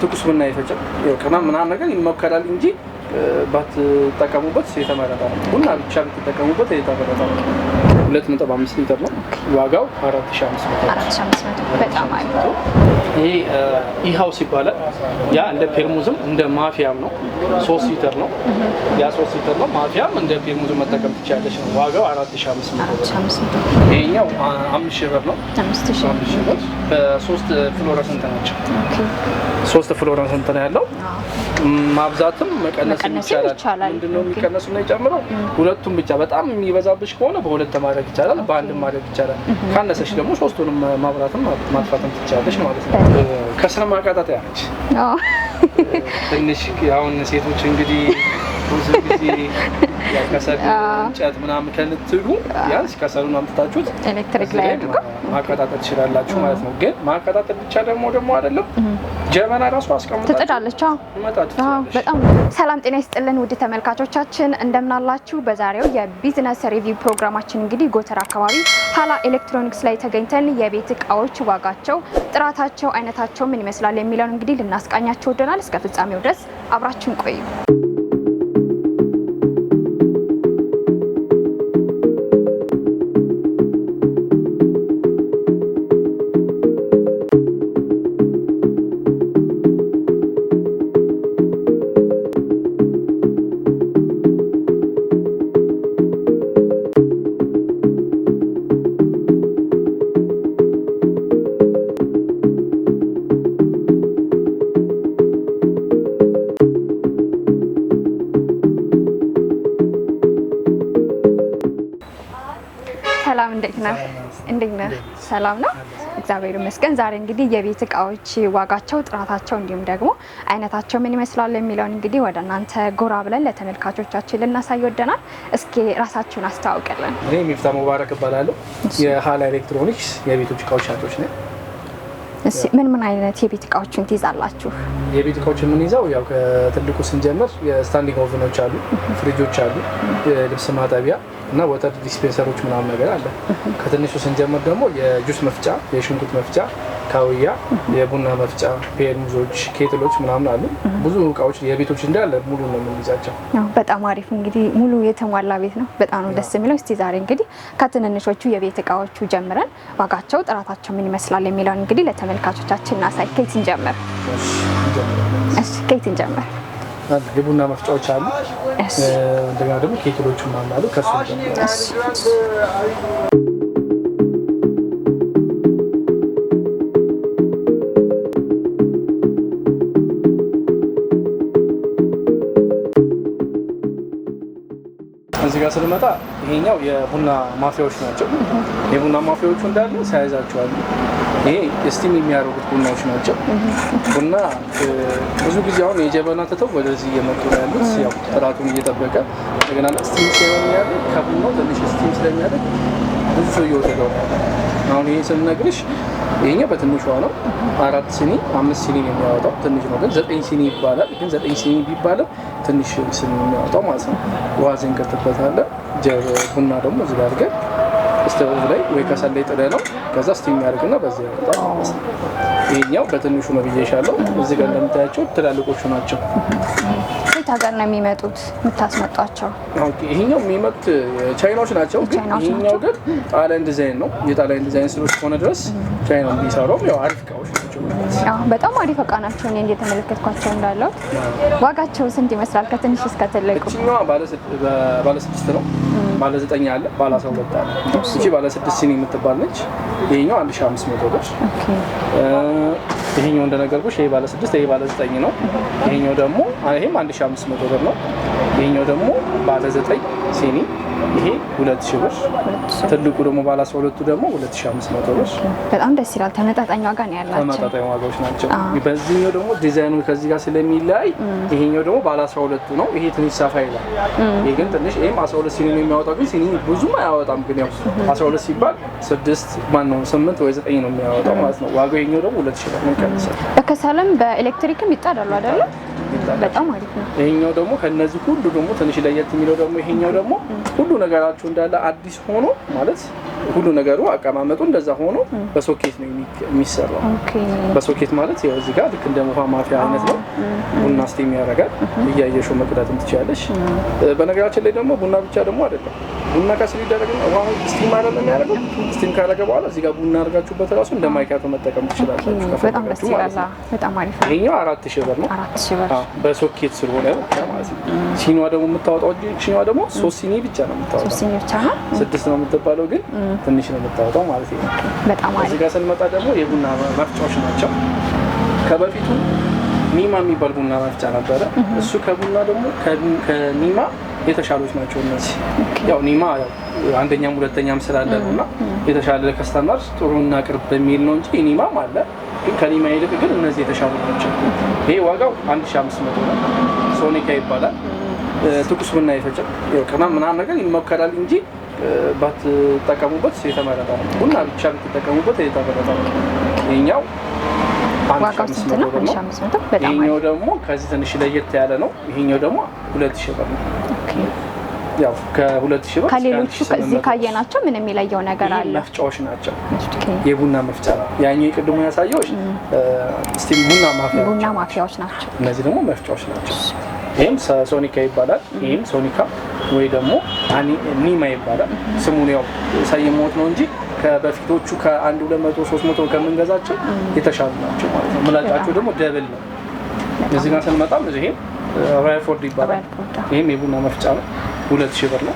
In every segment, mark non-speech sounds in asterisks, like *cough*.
ትኩስ ቡና የፈጨ ቅመም ምናምን ነገር ይሞከራል እንጂ ባትጠቀሙበት የተመረጠ ነው። ቡና ብቻ ብትጠቀሙበት የተመረጠ ነው። 2.5 ሊትር ነው። ዋጋው 4500 በጣም አሪፍ ነው። ይሄ ይባላል። ያ እንደ ፔርሙዝም እንደ ማፊያም ነው። ሊትር ነው። ያ 3 ሊትር ነው። ማፊያም እንደ ፔርሙዝም መጠቀም ትችላለች ነው። ዋጋው ይሄኛው ብር ነው። በሶስት ፍሎረሰንት ናቸው። ሶስት ፍሎረሰንት ነው ያለው። ማብዛትም ይቻላል። ምንድነው የጨምረው ሁለቱም ብቻ በጣም የሚበዛብሽ ከሆነ በሁለት ተማ ማድረግ ይቻላል፣ በአንድም ማድረግ ይቻላል። ካነሰች ደግሞ ሶስቱንም ማብራትም ማጥፋትም ትቻለች ማለት ነው። ከስር ማቃጣት ያለች ትንሽ አሁን ሴቶች እንግዲህ ብዙ ጊዜ ከሰል እንጨት ምናምን ከምትሉ ቢያንስ ከሰሉን አምጥታችሁት ኤሌክትሪክ ላይ ማቀጣጠል ትችላላችሁ ማለት ነው። ግን ማቀጣጠል ብቻ ደግሞ ደግሞ አይደለም ጀበና ራሱ አስቀምጣ ትጥዳለች። በጣም ሰላም ጤና ይስጥልን ውድ ተመልካቾቻችን እንደምናላችሁ። በዛሬው የቢዝነስ ሪቪው ፕሮግራማችን እንግዲህ ጎተር አካባቢ ሀላ ኤሌክትሮኒክስ ላይ ተገኝተን የቤት እቃዎች ዋጋቸው፣ ጥራታቸው፣ አይነታቸው ምን ይመስላል የሚለውን እንግዲህ ልናስቃኛቸው ወደናል። እስከ ፍጻሜው ድረስ አብራችን ቆዩ። ሰላም ነው? እግዚአብሔር ይመስገን። ዛሬ እንግዲህ የቤት እቃዎች ዋጋቸው፣ ጥራታቸው እንዲሁም ደግሞ አይነታቸው ምን ይመስላሉ የሚለውን እንግዲህ ወደ እናንተ ጎራ ብለን ለተመልካቾቻችን ልናሳይ ወደናል። እስኪ ራሳችሁን አስተዋውቅልን። እኔ ሚፍታ ሙባረክ እባላለሁ። የሀላ ኤሌክትሮኒክስ የቤቶች እቃዎች ሻጮች ነኝ። ምን ምን አይነት የቤት እቃዎችን ትይዛላችሁ? የቤት እቃዎች የምንይዘው ያው ከትልቁ ስንጀምር የስታንዲንግ ኦቨኖች አሉ፣ ፍሪጆች አሉ፣ ልብስ ማጠቢያ እና ወተር ዲስፔንሰሮች ምናምን ነገር አለ። ከትንሹ ስንጀምር ደግሞ የጁስ መፍጫ፣ የሽንኩርት መፍጫ፣ ካውያ፣ የቡና መፍጫ፣ ፔርሙዞች፣ ኬትሎች ምናምን አሉ። ብዙ እቃዎች የቤቶች እንዳለ ሙሉ ነው የምንይዛቸው። በጣም አሪፍ እንግዲህ ሙሉ የተሟላ ቤት ነው። በጣም ነው ደስ የሚለው። እስቲ ዛሬ እንግዲህ ከትንንሾቹ የቤት እቃዎቹ ጀምረን ዋጋቸው፣ ጥራታቸው ምን ይመስላል የሚለውን እንግዲህ ለተመልካቾቻችን እናሳይ። ከየት እንጀምር? ከየት እንጀምር? የቡና መፍጫዎች አሉ። እንደገና ደግሞ ኬትሎቹም አሉ ከሱ ጀምሮ ይሄኛው የቡና ማፊያዎች ናቸው። የቡና ማፊያዎቹ እንዳሉ ሳያዛቸዋል። ይሄ ስቲም የሚያደርጉት ቡናዎች ናቸው። ቡና ብዙ ጊዜ አሁን የጀበና ትተው ወደዚህ እየመጡ ነው ያሉት። ያው ጥራቱን እየጠበቀ እንደገና ስቲም ስለሚያደርግ ከቡናው ትንሽ ስቲም ስለሚያደርግ ብዙ ሰው እየወደደው አሁን ይሄ ስንነግርሽ ይሄኛው በትንሹ ነው። አራት ሲኒ አምስት ሲኒ ነው የሚያወጣው። ትንሽ ነው ግን ዘጠኝ ሲኒ ይባላል። ግን ዘጠኝ ሲኒ ቢባልም ትንሽ ሲኒ የሚያወጣው ማለት ነው። ውሃ ዘንገትበታለን ቡና ደግሞ እዚህ ጋር አድርገን ስተቭ ላይ ወይ ከሰል ላይ ነው ከዛ ስቲም ያደርግና በዚህ ያወጣል ማለት ይሄኛው በትንሹ ነው እዚህ ጋር እንደምታያቸው ትላልቆቹ ናቸው። ከየት ሀገር ነው የሚመጡት የምታስመጧቸው? ይሄኛው የሚመጡት ቻይናዎች ናቸው። ግን ይሄኛው ግን ጣሊያን ዲዛይን ነው። የጣሊያን ዲዛይን ከሆነ ድረስ ቻይና ቢሰራውም ያው አሪፍ እቃዎች ነው በጣም አሪፍ እቃ ናቸው። እኔ እንደተመለከትኳቸው እንዳለሁት ዋጋቸው ስንት ይመስላል? ከትንሽ እስከ ትልቁ ባለ ስድስት ነው። ባለ ዘጠኝ አለ፣ ባለ አስራ ሁለት አለ። እቺ ባለ ስድስት ሲኒ የምትባል ነች። ይሄኛው አንድ ሺ አምስት መቶ ብር። ይሄኛው እንደነገርኩሽ ይሄ ባለ ስድስት ይሄ ባለ ዘጠኝ ነው። ይሄኛው ደግሞ ይሄም አንድ ሺ አምስት መቶ ብር ነው። ይሄኛው ደግሞ ባለ ዘጠኝ ሲኒ ይሄ ሁለት ሺህ ብር፣ ትልቁ ደግሞ ባለ አስራ ሁለቱ ደግሞ ሁለት ሺህ አምስት መቶ ብር። በጣም ደስ ይላል። ተመጣጣኝ ዋጋ ነው ያላቸው። ተመጣጣኝ ዋጋዎች ናቸው። በዚህኛው ደግሞ ዲዛይኑ ከዚህ ጋር ስለሚለያይ ይሄኛው ደግሞ ባለ አስራ ሁለቱ ነው። ይሄ ትንሽ ሰፋ ይላል። ይሄ ግን ትንሽ ይሄም አስራ ሁለት ሲኒ ነው የሚያወጣው፣ ግን ሲኒ ብዙም አያወጣም። ግን ያው አስራ ሁለት ሲባል ስድስት ነው ስምንት ወይ ዘጠኝ ነው የሚያወጣው ማለት ነው። ዋጋው ይሄኛው ደግሞ ሁለት ሺህ ብር ነው ይቀንሳል። በኤሌክትሪክም ይጣዳሉ አይደለም በጣም አሪፍ ነው። ይሄኛው ደግሞ ከነዚህ ሁሉ ደግሞ ትንሽ ለየት የሚለው ደግሞ ይሄኛው ደግሞ ሁሉ ነገራቸው እንዳለ አዲስ ሆኖ ማለት ሁሉ ነገሩ አቀማመጡ እንደዛ ሆኖ በሶኬት ነው የሚሰራው። በሶኬት ማለት ያው እዚህ ጋር ልክ እንደ ውሃ ማፊያ አይነት ነው። ቡና ስቲም ያደርጋል። እያየሽው መቅዳትም ትችላለሽ። በነገራችን ላይ ደግሞ ቡና ብቻ ደግሞ አይደለም ቡና ጋር ስሊደረግ ውሃ ስቲም አይደለም የሚያደርገው። ስቲም ካደረገ በኋላ እዚህ ጋር ቡና አድርጋችሁበት ራሱ እንደ ማይካቶ መጠቀም ትችላላችሁ። በጣም ይሄኛው አራት ሺህ ብር ነው። በሶኬት ስለሆነ ማለት ሲኒዋ ደግሞ የምታወጣው ሲኒዋ ደግሞ ሶስት ሲኒ ብቻ ነው የምታወጣው። ስድስት ነው የምትባለው ግን ትንሽ ነው የምታወጣው ማለት ነው። እዚህ ጋር ስንመጣ ደግሞ የቡና መፍጫዎች ናቸው። ከበፊቱ ኒማ የሚባል ቡና መፍጫ ነበረ። እሱ ከቡና ደግሞ ከኒማ የተሻሎች ናቸው እነዚህ። ያው ኒማ አንደኛም ሁለተኛም ስላለ ነው እና የተሻለ ከስተማርስ ጥሩ እናቅርብ በሚል ነው እንጂ ኒማም አለ፣ ግን ከኒማ ይልቅ ግን እነዚህ የተሻሉ ናቸው። ይሄ ዋጋው 1500 ነው። ሶኒካ ይባላል። ትኩስ ቡና ይፈጫል። ቅመም ምናምን ነገር ይመከራል እንጂ ባትጠቀሙበት የተመረጠ ነው። ቡና ብቻ ብትጠቀሙበት የተመረጠ ነው። ይኸኛው ይሄኛው ደግሞ ከዚህ ትንሽ ለየት ያለ ነው። ይሄኛው ደግሞ ሁለት ሺህ ብር ነው። ያው ከሁለት ሺህ ብር ከሌሎቹ እዚህ ካየናቸው ምን የሚለየው ነገር አለ? መፍጫዎች ናቸው። የቡና መፍጫ ነው ያኛው። የቅድሙ ያሳየው ስቲም ቡና ማፍያ ቡና ማፍያዎች ናቸው። እነዚህ ደግሞ መፍጫዎች ናቸው። ይህም ሶኒካ ይባላል። ይህም ሶኒካ ወይ ደግሞ ኒማ ይባላል። ስሙን ያው ሰይሞት ነው እንጂ በፊቶቹ ከአንድ ሁለት መቶ ሶስት መቶ ከምንገዛቸው የተሻሉ ናቸው ማለት ነው። ምላጫቸው ደግሞ ደብል ነው። እዚህ ጋር ስንመጣም ይሄ ራይፎርድ ይባላል። ይህም የቡና መፍጫ ነው። ሁለት ሺህ ብር ነው።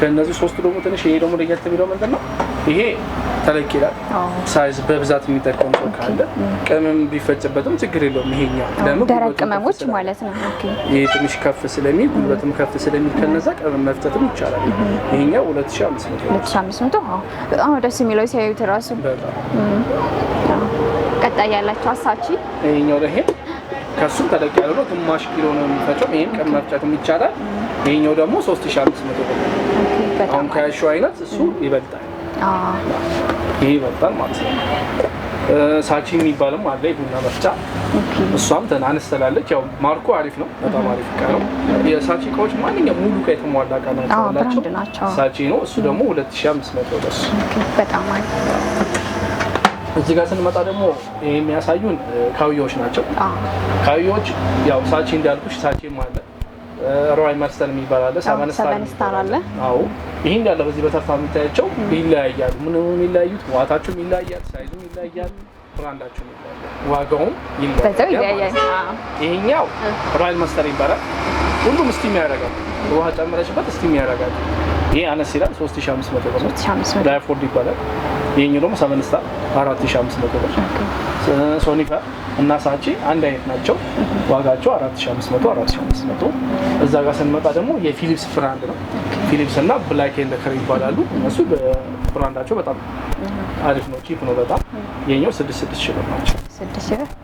ከእነዚህ ሶስቱ ደግሞ ትንሽ ይሄ ደግሞ ለየት የሚለው ምንድን ነው? ይሄ ተለቅ ይላል። ሳይዝ በብዛት የሚጠቀም ሰው ካለ ቅመም ቢፈጭበትም ችግር የለውም። ይሄኛው ለምን ደረቅ ቅመሞች ማለት ነው። ይሄ ትንሽ ከፍ ስለሚል ጉልበትም ከፍ ስለሚል ከነዛ ቅመም መፍጠትም ይቻላል። ይሄኛው ሁለት 2500 በጣም ደስ የሚለው ሲያዩት ራሱ ቀጣይ ያላቸው አሳቺ ይሄኛው ለሄ ከሱም ተለቅ ያለ ነው። ግማሽ ኪሎ ነው የሚፈጨው። ይሄን ቀን መፍጨትም ይቻላል። ይህኛው ደግሞ 3500 ብር ነው። አሁን ከያሹ አይነት እሱ ይበልጣል። ይሄ ይበልጣል ማለት ነው። ሳቺ የሚባልም አለ የቡና መፍጫ። እሷም አነስ ትላለች። ያው ማርኮ አሪፍ ነው፣ በጣም አሪፍ እቃ ነው። የሳቺ እቃዎች ማንኛውም ሙሉ እቃ የተሟላ እቃ ናቸው። ሳቺ ነው እሱ ደግሞ 2500 ብር። በጣም አሪፍ እዚህ ጋር ስንመጣ ደግሞ የሚያሳዩን ካውያዎች ናቸው። ካውያዎች ያው ሳቺ እንዳልኩሽ ሳቼም አለ፣ ሮይ መርሰል የሚባል አለ፣ ሳበንስታር አለ። አዎ ይህ እንዳለ በዚህ በተርፋ የሚታያቸው ይለያያሉ። ምን የሚለያዩት ዋታቸውም ይለያያል፣ ሳይዙም ይለያያል፣ ብራንዳቸውም ይለያያል፣ ዋጋውም ይለያያል። ይሄኛው ሮያል መስተር ይባላል። ሁሉም እስቲም ያደርጋል። ውሃ ጨምረሽበት እስቲም ያደርጋል። ይሄ አነስ ይላል፣ ሶስት ሺ 3500 ብር ላይፎርድ ይባላል። የኛው ደግሞ ሰበንስታ አራት ሺህ አምስት መቶ ብር። ሶኒፈር እና ሳቺ አንድ አይነት ናቸው። ዋጋቸው አራት ሺህ አምስት መቶ አራት ሺህ አምስት መቶ እዛ ጋር ስንመጣ ደግሞ የፊሊፕስ ብራንድ ነው። ፊሊፕስ እና ብላክ ኤንድ ከር ይባላሉ። እነሱ በብራንዳቸው በጣም አሪፍ ነው፣ ቺፕ ነው በጣም። ይሄኛው ስድስት ስድስት ሺህ ብር ናቸው።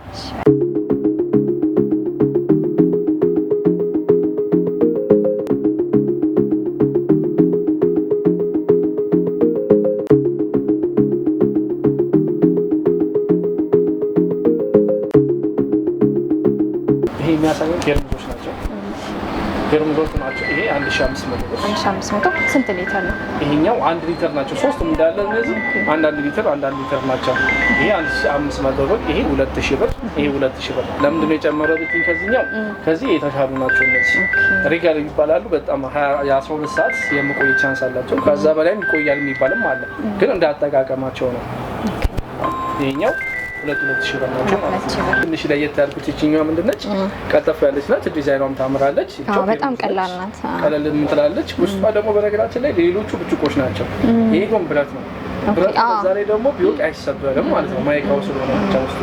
ስንት ሊትር ነው ይሄኛው? አንድ ሊትር ናቸው ሶስቱም እንዳለ እነዚህ አንዳንድ ሊትር አንዳንድ ሊትር ናቸው። ይሄ አንድ አምስት መቶ ብር፣ ይሄ ሁለት ሺህ ብር፣ ይሄ ሁለት ሺህ ብር። ለምንድን ነው የጨመረው? ልትኝ ከዚህኛው ከዚህ የተሻሉ ናቸው እነዚህ ሪጋል ይባላሉ። በጣም የአስራ ሁለት ሰዓት የመቆየ ቻንስ አላቸው። ከዛ በላይም ይቆያል የሚባልም አለ፣ ግን እንዳጠቃቀማቸው ነው ይሄኛው ሁለት ሁለት ሺህ ብር ናቸው ትንሽ ለየት ያልኩት ይችኛዋ ምንድነች? ቀልጠፍ ያለች ናት። ዲዛይኗም ታምራለች። በጣም ቀላል ናት፣ ቀለል የምትላለች። ውስጧ ደግሞ በነገራችን ላይ ሌሎቹ ብርጭቆች ናቸው። ይሄ ግን ብረት ነው። ብረት ዛሬ ደግሞ ቢወቅ አይሰበርም ማለት ነው ማይካው ስለሆነ ብቻ ውስጥ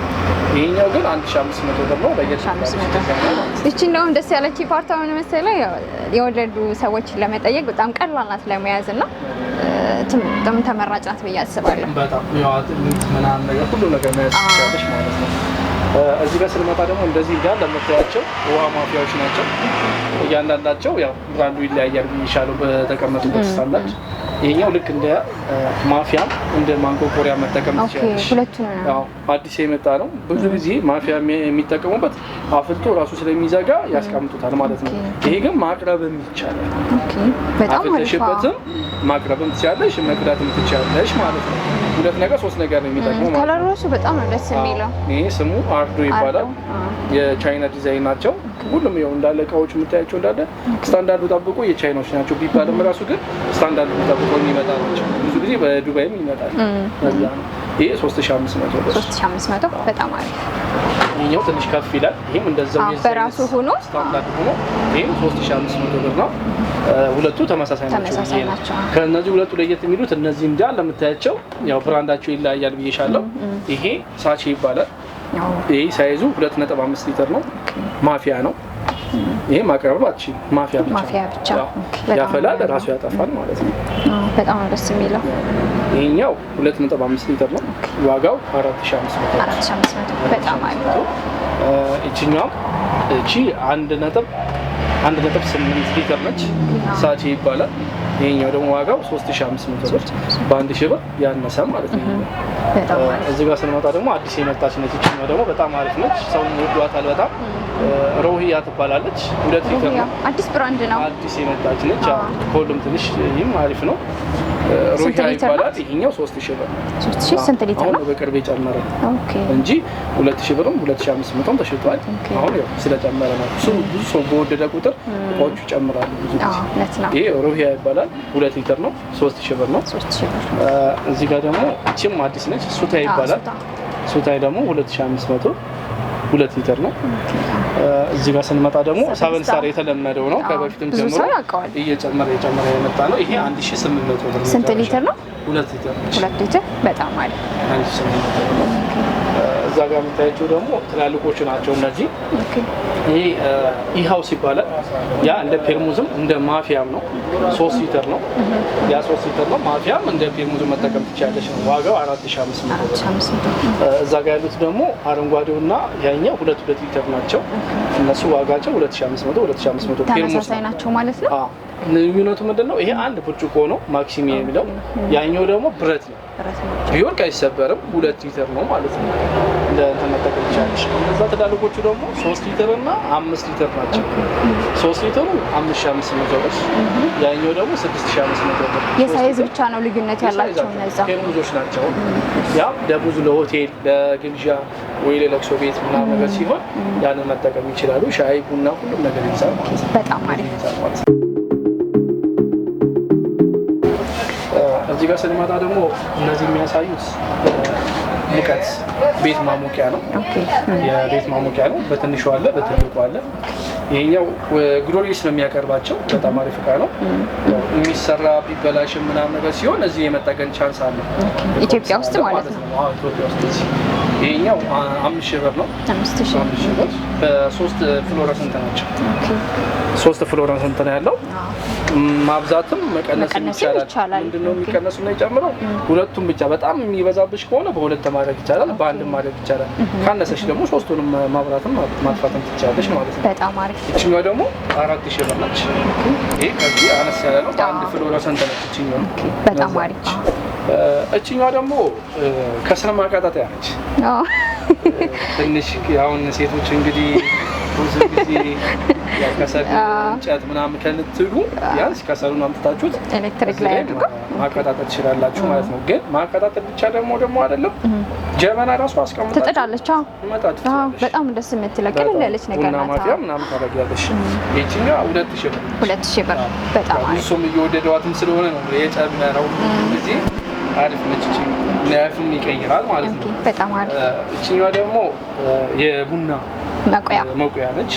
ይሄኛው ግን 1500 ብር ነው። ይቺ እንደውም ደስ ያለች ፓርታ ሆነ መሰለህ የወለዱ ሰዎች ለመጠየቅ በጣም ቀላል ናት ለመያዝ እና ተመራጭ ናት ብዬ አስባለሁ። በጣም ያው ምናምን ነገር ሁሉ ነገር መያዝ ይችላልሽ ማለት ነው። እዚህ ጋር ስንመጣ ደግሞ እንደዚህ እንዳለ የምታያቸው ውሃ ማፊያዎች ናቸው። እያንዳንዳቸው ያው ብራንዱ ይለያያል የሚሻለው በተቀመጡበት ስታንዳርድ። ይሄኛው ልክ እንደ ማፊያ እንደ ማንቆርቆሪያ መጠቀም ትችላለች። አዲስ የመጣ ነው። ብዙ ጊዜ ማፊያ የሚጠቀሙበት አፍልቶ ራሱ ስለሚዘጋ ያስቀምጡታል ማለት ነው። ይሄ ግን ማቅረብም ይቻላል። አፍልተሽበትም ማቅረብም ትችላለሽ፣ መቅዳትም ትችላለሽ ማለት ነው። ሁለት ነገር ሶስት ነገር ነው የሚጠቅመው። ከለር ራሱ በጣም ነው ደስ የሚለው። ይሄ ስሙ አርዶ ይባላል። የቻይና ዲዛይን ናቸው ሁሉም። ይኸው እንዳለ እቃዎች የምታያቸው እንዳለ ስታንዳርዱ ጠብቆ የቻይናዎች ናቸው ቢባልም ራሱ ግን ስታንዳርዱ ጠብቆ የሚመጣ ናቸው። ብዙ ጊዜ በዱባይም ይመጣል። ይሄ 3500 ብር በጣም አሪፍ። ይሄኛው ትንሽ ከፍ ይላል። ይሄም እንደዛው በራሱ ሆኖ ስታንዳርድ ሆኖ ይሄም 3500 ብር ነው። ሁለቱ ተመሳሳይ ናቸው። ሁለቱ ለየት የሚሉት እነዚህ እንዳለ ያው ብራንዳቸው ይለያያል ብዬሻለሁ። ይሄ ሳቼ ይባላል። ይሄ ሳይዙ 2.5 ሊትር ነው። ማፊያ ነው። ይሄ ማቅረብ አትችል ማፊያ ብቻ ያፈላል፣ ራሱ ያጠፋል ማለት ነው። በጣም ደስ የሚለው ይሄኛው 2.5 ሊትር ነው። ዋጋው 4500 በጣም አሪፍ ነው። እቺኛው እቺ ሊትር ነች፣ ሳቺ ይባላል። ይሄኛው ደግሞ ዋጋው 3500 ብር፣ በአንድ ሺህ ብር ያነሰ ማለት ነው። እዚህ ጋር ስንመጣ ደግሞ አዲስ የመጣች ነች። እቺኛው ደግሞ በጣም አሪፍ ነች፣ ሰው ወዷታል በጣም ሮሂያ ትባላለች። ሁለት ሊትር ነው፣ አዲስ ብራንድ ነው፣ አዲስ የመጣች ነች። ከሁሉም ትንሽ ይህም አሪፍ ነው። ሩሂያ ይባላል። ይሄኛው 3000 ብር 3000 ስንት ሊትር ነው? በቅርብ የጨመረ ኦኬ፣ እንጂ 2000 ብርም 2500ም ተሽጧል። አሁን ያው ስለጨመረ ነው። ብዙ ሰው በወደደ ቁጥር እቃዎቹ ይጨምራሉ። ብዙ ይሄ ሩሂያ ይባላል። 2 ሊትር ነው፣ 3000 ብር ነው። እዚህ ጋር ደግሞ ቺም አዲስ ነች፣ ሱታ ይባላል። ሱታይ ደግሞ 2500 ሁለት ሊትር ነው። እዚህ ጋር ስንመጣ ደግሞ ሰቨን ስታር የተለመደው ነው። ከበፊትም ጀምሮ እየጨመረ እየጨመረ የመጣ ነው። ይሄ አንድ ሺ 1800 ብር። ስንት ሊትር ነው? ሁለት ሊትር። ሁለት ሊትር በጣም አለ። አንድ ሺ ስምንት እዛ ጋር የምታያቸው ደግሞ ትላልቆቹ ናቸው እነዚህ። ይህ ኢሃውስ ይባላል። ያ እንደ ፔርሙዝም እንደ ማፊያም ነው። ሶስት ሊተር ነው። ያ ሶስት ሊተር ነው። ማፊያም እንደ ፔርሙዝም መጠቀም ትችላለች ነው። ዋጋው አራት ሺ አምስት መቶ እዛ ጋር ያሉት ደግሞ አረንጓዴው ና ያኛው ሁለት ሁለት ሊተር ናቸው። እነሱ ዋጋቸው ሁለት ሺ አምስት መቶ ሁለት ሺ አምስት መቶ ፔርሙዝ ናቸው ማለት ነው። ልዩነቱ ምንድን ነው? ይሄ አንድ ብርጭቆ ነው ማክሲሚ የሚለው ያኛው ደግሞ ብረት ነው። ቢወርቅ አይሰበርም። ሁለት ሊተር ነው ማለት ነው። እንደ እንትን መጠቀም ይቻላል። እነዛ ትላልቆቹ ደግሞ ሶስት ሊትር እና አምስት ሊትር ናቸው። ሶስት ሊትሩ አምስት ሺ አምስት መቶ ብር፣ ያኛው ደግሞ ስድስት ሺ አምስት መቶ ብር። የሳይዝ ብቻ ነው ልዩነት ያላቸው እነዛ ቴርሙዞች ናቸው። ያ ለብዙ ለሆቴል፣ ለግብዣ ወይ ለለቅሶ ቤት ምናምን ነገር ሲሆን ያንን መጠቀም ይችላሉ። ሻይ ቡና፣ ሁሉም ነገር ይይዛል ማለት በጣም አሪፍ እዚህ ጋር ስንመጣ ደግሞ እነዚህ የሚያሳዩት ሙቀት ቤት ማሞቂያ ነው። የቤት ማሞቂያ ነው። በትንሹ አለ፣ በትልቁ አለ። ይሄኛው ግሎሪስ ነው የሚያቀርባቸው። በጣም አሪፍ እቃ ነው የሚሰራ ቢበላሽ ምናምን ነገር ሲሆን እዚህ የመጠገን ቻንስ አለ፣ ኢትዮጵያ ውስጥ ማለት ነው። ኢትዮጵያ ውስጥ ይሄኛው አምስት ሺህ ብር ነው። አምስት ሺህ ብር በሶስት ፍሎረሰንት ናቸው። ሶስት ፍሎረሰንት ነው ያለው። ማብዛትም መቀነስ ይቻላል። ምንድነው የሚቀነሱ ነው የጨምረው ሁለቱም ብቻ። በጣም የሚበዛብሽ ከሆነ በሁለት ማድረግ ይቻላል፣ በአንድ ማድረግ ይቻላል። ካነሰሽ ደግሞ ሶስቱንም ማብራትም ማጥፋትም ትቻለሽ ማለት ነው። በጣም አሪፍ ይችኛዋ ደግሞ አራት ሺህ ብር ነች። ይህ ከዚህ አነስ ያለ ነው። አንድ ፍሎረሰንት ነች ይችኛዋ። በጣም አሪፍ። እችኛዋ ደግሞ ከስር ማቃጣት ያለች ትንሽ አሁን ሴቶች እንግዲህ ብዙ ጊዜ ከሰል እንጨት ምናምን ከምትሉ ቢያንስ ከሰሉን አምጥታችሁት ኤሌክትሪክ ላይ ማቀጣጠል ትችላላችሁ ማለት ነው። ግን ማቀጣጠል ብቻ ደግሞ ደግሞ አይደለም ጀበና ራሱ አስቀምጣ ትጥዳለች። በጣም ደስ የምትለው ቅልል ያለች ነገር ናት። ማፊያ ምናምን ታደርጊያለሽ። ይችኛ ሁለት ሺህ ብር ሁለት ሺህ ብር በጣም እሱም እየወደደዋትም ስለሆነ ነው የጨመረው እዚህ አሪፍ ነች። ላይፍም ይቀይራል ማለት ነው። በጣም አሪፍ። እችኛዋ ደግሞ የቡና መቁያ መቁያ ነች።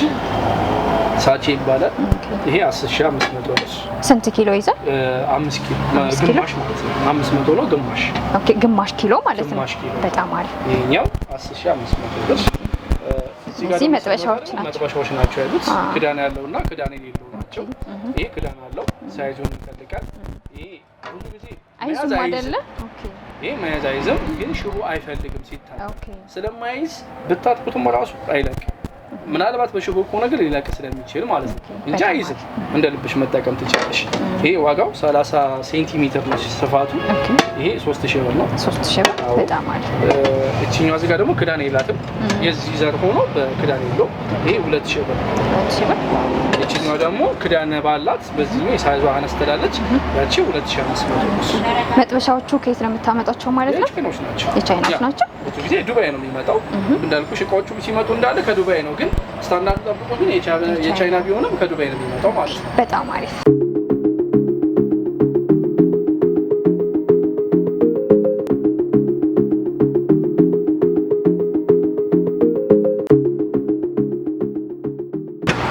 ሳቼ ይባላል። ይሄ 10500 ነው። ስንት ኪሎ ይዛል? 5 ኪሎ ግማሽ ማለት ነው። 500 ነው ግማሽ። ኦኬ ግማሽ ኪሎ ማለት ነው። በጣም አሪፍ። ይሄኛው 10500 ብር። እዚህ መጥበሻዎች ናቸው መጥበሻዎች ናቸው ያሉት። ክዳን ያለውና ክዳን የሌለው ናቸው። ይሄ ክዳን አለው። ሳይዙን ይፈልጋል። ይሄ ሁሉ ጊዜ አይዙም አይደለ? ኦኬ ይህ መያዝ አይዝም፣ ግን ሽቦ አይፈልግም ሲታ ስለማይዝ ብታጥቁትም ራሱ አይለቅም። ምናልባት በሽቦ ከሆነ ግን ሊለቅ ስለሚችል ማለት ነው እንጂ አይዝም። እንደ ልብሽ መጠቀም ትችላለሽ። ይሄ ዋጋው 30 ሴንቲሜትር ነው ስፋቱ። ይሄ 3000 ብር ነው። 3000 ብር በጣም አለ። እቺኛው እዚህ ጋር ደግሞ ክዳን የላትም። የዚህ ዘር ሆኖ በክዳን የለው። ይሄ 2000 ብር። ብር። እቺኛው ደግሞ ክዳን ባላት በዚህኛው የሳይዙ አነስ ትላለች። ያቺ 2500 ብር። መጥበሻዎቹ ከየት ነው የምታመጣቸው ማለት ነው? የቻይናዎች ናቸው። ብዙ ጊዜ ዱባይ ነው የሚመጣው። እንዳልኩሽ እቃዎቹ ሲመጡ እንዳለ ከዱባይ ነው ግን ስታንዳርድ ጠብቆ ግን የቻይና ቢሆንም ከዱባይ ነው የሚመጣው ማለት ነው። በጣም አሪፍ።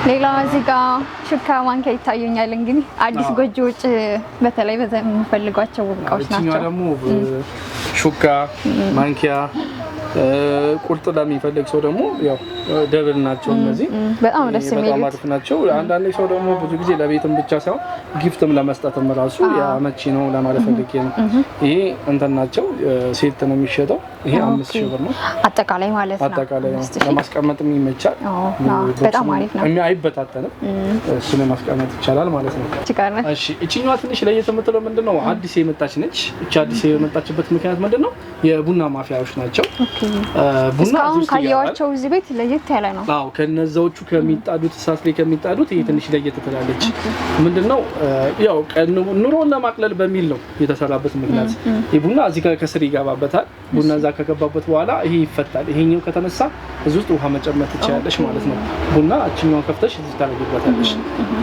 ሌላ እዚህ ጋ ሹካ ማንኪያ ይታየኛል እንግዲህ አዲስ ጎጆ ውጭ በተለይ በዛ የምንፈልጓቸው እቃዎች ናቸው። ደግሞ ሹካ ማንኪያ ቁርጥ ለሚፈልግ ሰው ደግሞ ያው ደብል ናቸው እነዚህ በጣም ደስ የሚል ናቸው። አንዳንድ ሰው ደግሞ ብዙ ጊዜ ለቤትም ብቻ ሳይሆን ጊፍትም ለመስጠትም ራሱ ያመቺ ነው ለማለት ፈልጌ ነው። ይሄ እንትን ናቸው ሴት ነው የሚሸጠው። ይሄ አምስት ሺህ ብር ነው አጠቃላይ ማለት ነው። አጠቃላይ ለማስቀመጥም ይመቻል። በጣም አሪፍ ነው። አይበታተንም። እሱን ማስቀመጥ ይቻላል ማለት ነው። እሺ እቺኛዋ ትንሽ ለየት የምትለው ምንድን ነው አዲስ የመጣች ነች። እቺ አዲስ የመጣችበት ምክንያት ምንድን ነው? የቡና ማፊያዎች ናቸው። ቡና ካየኋቸው እዚህ ቤት ለየት ያለ ነው። አዎ ከነዛዎቹ ከሚጣዱት እሳት ላይ ከሚጣዱት ይሄ ትንሽ ለየት ትላለች። ምንድነው ያው ኑሮን ለማቅለል በሚል ነው የተሰራበት ምክንያት። ይህ ቡና እዚህ ጋር ከስር ይገባበታል። ቡና እዛ ከገባበት በኋላ ይሄ ይፈታል። ይሄኛው ከተነሳ እዚህ ውስጥ ውሃ መጨመር ትችላለች ማለት ነው። ቡና እችኛዋን ከፍተሽ እዚህ ታደርግበታለች።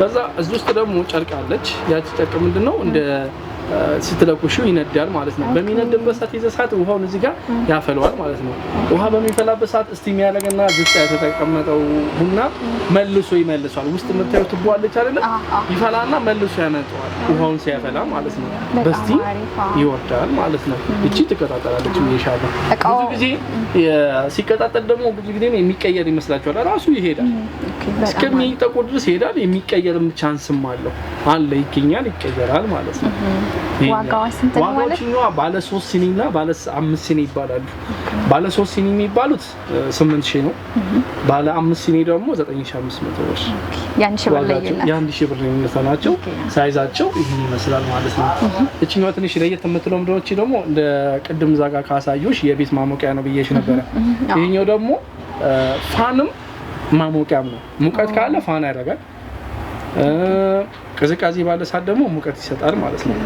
ከዛ እዚህ ውስጥ ደግሞ ጨርቅ አለች። ያቺ ጨርቅ ምንድነው እንደ ስትለኩሹ ይነዳል ማለት ነው። በሚነድበት ሰዓት የዘ ሰዓት ውሃውን እዚህ ጋር ያፈለዋል ማለት ነው። ውሃ በሚፈላበት ሰዓት እስቲ የሚያደርግና ዝጣ የተቀመጠው ቡና መልሶ ይመልሷል። ውስጥ የምታዩ ትቦ አለች አይደለ? ይፈላና መልሶ ያመጣዋል። ውሃውን ሲያፈላ ማለት ነው። በስቲ ይወርዳል ማለት ነው። እቺ ትቀጣጠላለች። ይሻለ ብዙ ጊዜ ሲቀጣጠል ደግሞ ብዙ ጊዜ የሚቀየር ይመስላችኋል። ራሱ ይሄዳል እስከሚጠቁር ድረስ ይሄዳል። የሚቀየርም ቻንስም አለው አለ ይገኛል፣ ይቀየራል ማለት ነው። ዋጋዎችኛዋ ባለ ሶስት ሲኒ እና ባለ አምስት ሲኒ ይባላሉ። ባለ ሶስት ሲኒ የሚባሉት ስምንት ሺህ ነው። ባለ አምስት ሲኒ ደግሞ ዘጠኝ ሺህ አምስት መቶ ብር የአንድ ሺህ ብር ልዩነት ናቸው። ሳይዛቸው ይህን ይመስላል ማለት ነው። እችኛዋ ትንሽ ለየት የምትለው ምድሮች ደግሞ እንደ ቅድም ዛጋ ካሳዮች የቤት ማሞቂያ ነው ብዬሽ ነበረ። ይህኛው ደግሞ ፋንም ማሞቂያም ነው። ሙቀት ካለ ፋን ያደርጋል ቅዝቃዜ ባለ ሰዓት ደግሞ ሙቀት ይሰጣል ማለት ነው።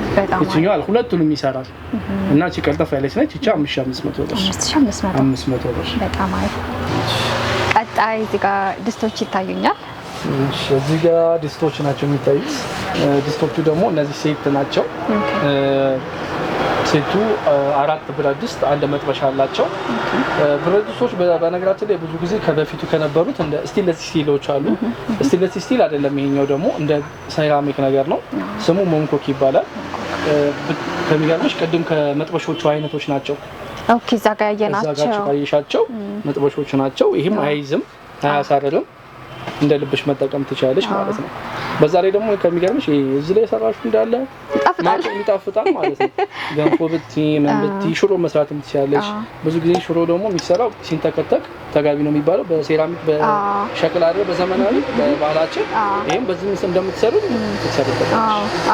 ይችኛዋል ሁለቱንም ይሰራል እና እቺ ቀልጠፍ ያለች ነች። እቺ 5500 ብር 5500 ብር። በጣም አይ ቀጣይ እዚህ ጋር ድስቶች ይታዩኛል። እሺ፣ እዚህ ጋር ድስቶች ናቸው የሚታዩት። ድስቶቹ ደግሞ እነዚህ ሴት ናቸው። ሴቱ አራት ብረት ድስት አንድ መጥበሻ አላቸው። ብረት ድስቶች በነገራችን ላይ ብዙ ጊዜ ከበፊቱ ከነበሩት እንደ ስቲለስ ስቲሎች አሉ። ስቲለስ ስቲል አይደለም፣ ይሄኛው ደግሞ እንደ ሴራሚክ ነገር ነው። ስሙ ሞንኮክ ይባላል። ከሚገርምሽ ቅድም ከመጥበሾቹ አይነቶች ናቸው። ኦኬ፣ እዛ ጋር ያየናቸው መጥበሾቹ ናቸው። ይህም አይዝም፣ አያሳርርም። እንደ ልብሽ መጠቀም ትችላለች ማለት ነው። በዛ ላይ ደግሞ ከሚገርምሽ እዚህ ላይ የሰራሹ እንዳለ ይጣፍጣል ይጣፍጣል ማለት ነው። *laughs* ገንፎ ብቲ ምን ብቲ ሽሮ መስራት ትችላለች። ብዙ ጊዜ ሽሮ ደግሞ የሚሰራው ሲንተከተክ ተጋቢ ነው የሚባለው በሴራሚክ በሸክላ አይደል፣ በዘመናዊ በባህላችን። ይህም በዚህ ምስ እንደምትሰሩ ትሰሩበት።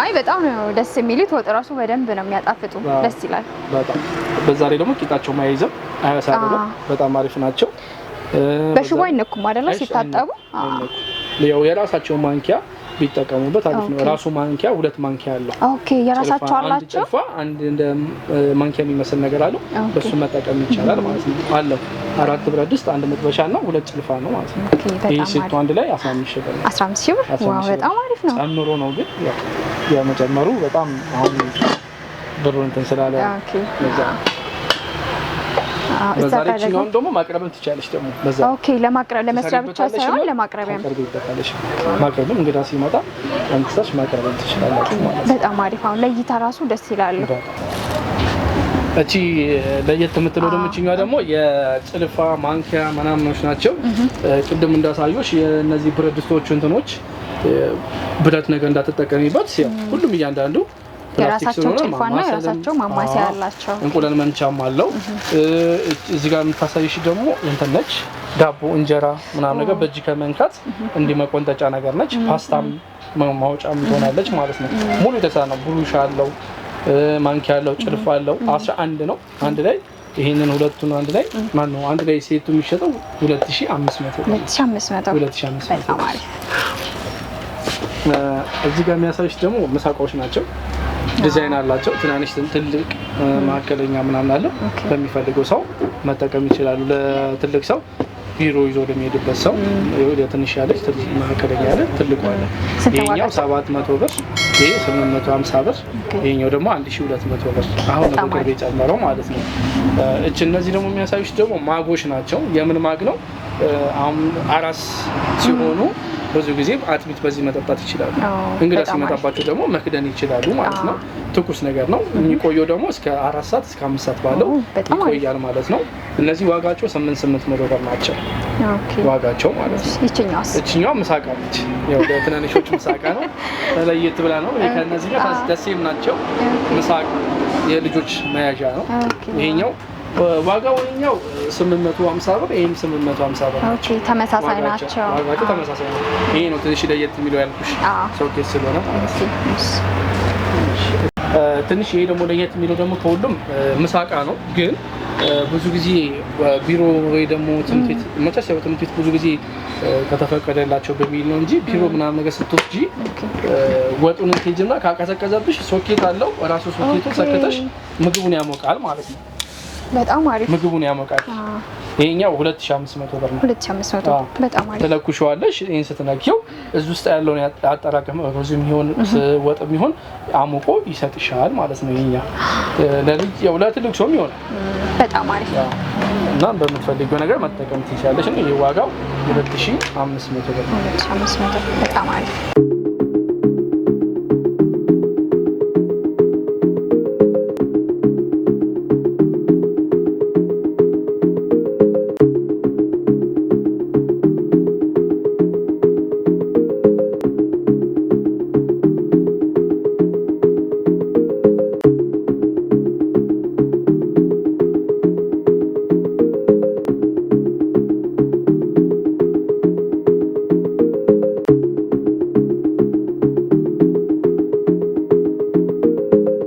አይ በጣም ነው ደስ የሚሉት። ወጥ ራሱ በደንብ ነው የሚያጣፍጡ። ደስ ይላል በጣም። በዛሬ ደግሞ ቂጣቸው ማያይዘም አያሳሩ በጣም አሪፍ ናቸው። በሽቦ አይነኩም አይደለ ሲታጠቡ ያው የራሳቸው ማንኪያ ቢጠቀሙበት አሪፍ ነው። ራሱ ማንኪያ ሁለት ማንኪያ አለው። ኦኬ የራሳቸው አላቸው። ጭልፋ አንድ እንደ ማንኪያ የሚመስል ነገር አለው። በሱ መጠቀም ይቻላል ማለት ነው። አለው አራት ብረት ድስት፣ አንድ መጥበሻ እና ሁለት ጭልፋ ነው ማለት ነው። ይህ ሴቱ አንድ ላይ 15 ሺህ ብር፣ 15 ሺህ ብር። በጣም አሪፍ ነው። ጨምሮ ነው ግን የመጨመሩ በጣም አሁን ብሩ እንትን ስላለ በዛሬችኛውን ደግሞ ማቅረብም ትችላለች። ደግሞ ኦኬ ለማቅረብ ለመስሪያ ብቻ ሳይሆን ለማቅረቢያም ማቅረብም እንግዳ ሲመጣ ማቅረብም ማለት ነው። በጣም አሪፍ። አሁን ለእይታ ራሱ ደስ ይላል። እቺ ለየት የምትለው ደግሞ ደግሞ የጭልፋ ማንኪያ ምናምኖች ናቸው። ቅድም እንዳሳዩሽ የእነዚህ ብረት ድስቶቹ እንትኖች ብረት ነገር እንዳትጠቀሚበት ሁሉም እያንዳንዱ የራሳቸው ጭልፋና የራሳቸው ማማሲያ ያላቸው እንቁላል መምቻም አለው። እዚህ ጋር የምታሳይሽ ደግሞ እንትን ነች ዳቦ እንጀራ ምናምን ነገር በእጅ ከመንካት እንዲህ መቆንጠጫ ነገር ነች። ፓስታም ማውጫም ትሆናለች ማለት ነው። ሙሉ የተሰራ ነው። ብሩሽ አለው፣ ማንኪያ አለው፣ ጭልፋ አለው። አስራ አንድ ነው አንድ ላይ ይሄንን ሁለቱን አንድ ላይ ማን ነው አንድ ላይ ሴቱ የሚሸጠው 2500 2500 እዚህ ጋር የሚያሳይሽ ደግሞ ምሳቃዎች ናቸው። ዲዛይን አላቸው። ትናንሽ፣ ትልቅ፣ መካከለኛ ምናምን አለው። ለሚፈልገው ሰው መጠቀም ይችላሉ። ለትልቅ ሰው ቢሮ ይዞ ለሚሄድበት ሰው ትንሽ ያለች፣ መካከለኛ ያለ፣ ትልቁ አለ። ይሄኛው ሰባት መቶ ብር፣ ይሄ ስምንት መቶ ሀምሳ ብር፣ ይሄኛው ደግሞ አንድ ሺ ሁለት መቶ ብር። አሁን ቅርብ የጨመረው ማለት ነው። እች እነዚህ ደግሞ የሚያሳዩች ደግሞ ማጎች ናቸው። የምን ማግ ነው? አሁን አራስ ሲሆኑ ብዙ ጊዜ አጥሚት በዚህ መጠጣት ይችላሉ። እንግዳ ሲመጣባቸው ደግሞ መክደን ይችላሉ ማለት ነው። ትኩስ ነገር ነው። የሚቆየው ደግሞ እስከ አራት ሰዓት እስከ አምስት ሰዓት ባለው ይቆያል ማለት ነው። እነዚህ ዋጋቸው ስምንት ስምንት መቶ ብር ናቸው ዋጋቸው ማለት ነው። ምሳቃ ነች። ትናንሾች ምሳቃ ነው። ተለየት *laughs* ብላ ነው። ከነዚህ ጋር ደሴም ናቸው። ምሳቃ የልጆች መያዣ ነው ይሄኛው ዋጋው ይኸኛው 850 ብር ይሄም 850 ብር። ኦኬ ተመሳሳይ ናቸው። ዋጋቸው ተመሳሳይ ነው። ይሄ ነው ትንሽ ለየት የሚለው ያልኩሽ ሰው ኬስ ስለሆነ ነው። ትንሽ ይሄ ደግሞ ለየት የሚለው ደግሞ ከሁሉም ምሳቃ ነው። ግን ብዙ ጊዜ ቢሮ ወይ ደግሞ ትምህርት ቤት መጨረሻ ትምህርት ቤት ብዙ ጊዜ ከተፈቀደላቸው በሚል ነው እንጂ ቢሮ ምናምን ነገር ስትወስጂ ወጡን እንትን ሂጂና ካቀዘቀዘብሽ ሶኬት አለው እራሱ ሶኬቱ ሰክተሽ ምግቡን ያሞቃል ማለት ነው። በጣም አሪፍ ምግቡን ያሞቃል። ይሄኛው 2500 ብር ነው። 2500 በጣም አሪፍ ትለኩሽዋለሽ። ይሄን ስትነኪው እዚህ ውስጥ ያለውን አጠራቀመ ሩዝ የሚሆን ወጥ የሚሆን አሙቆ ይሰጥሻል ማለት ነው። ይሄኛ ለልጅ ያው ለትልቅ ሰውም ይሆናል። በጣም አሪፍ እና በምትፈልጊው ነገር መጠቀም ትችላለሽ። ይሄ ዋጋው 2500 ብር ነው። 2500 በጣም አሪፍ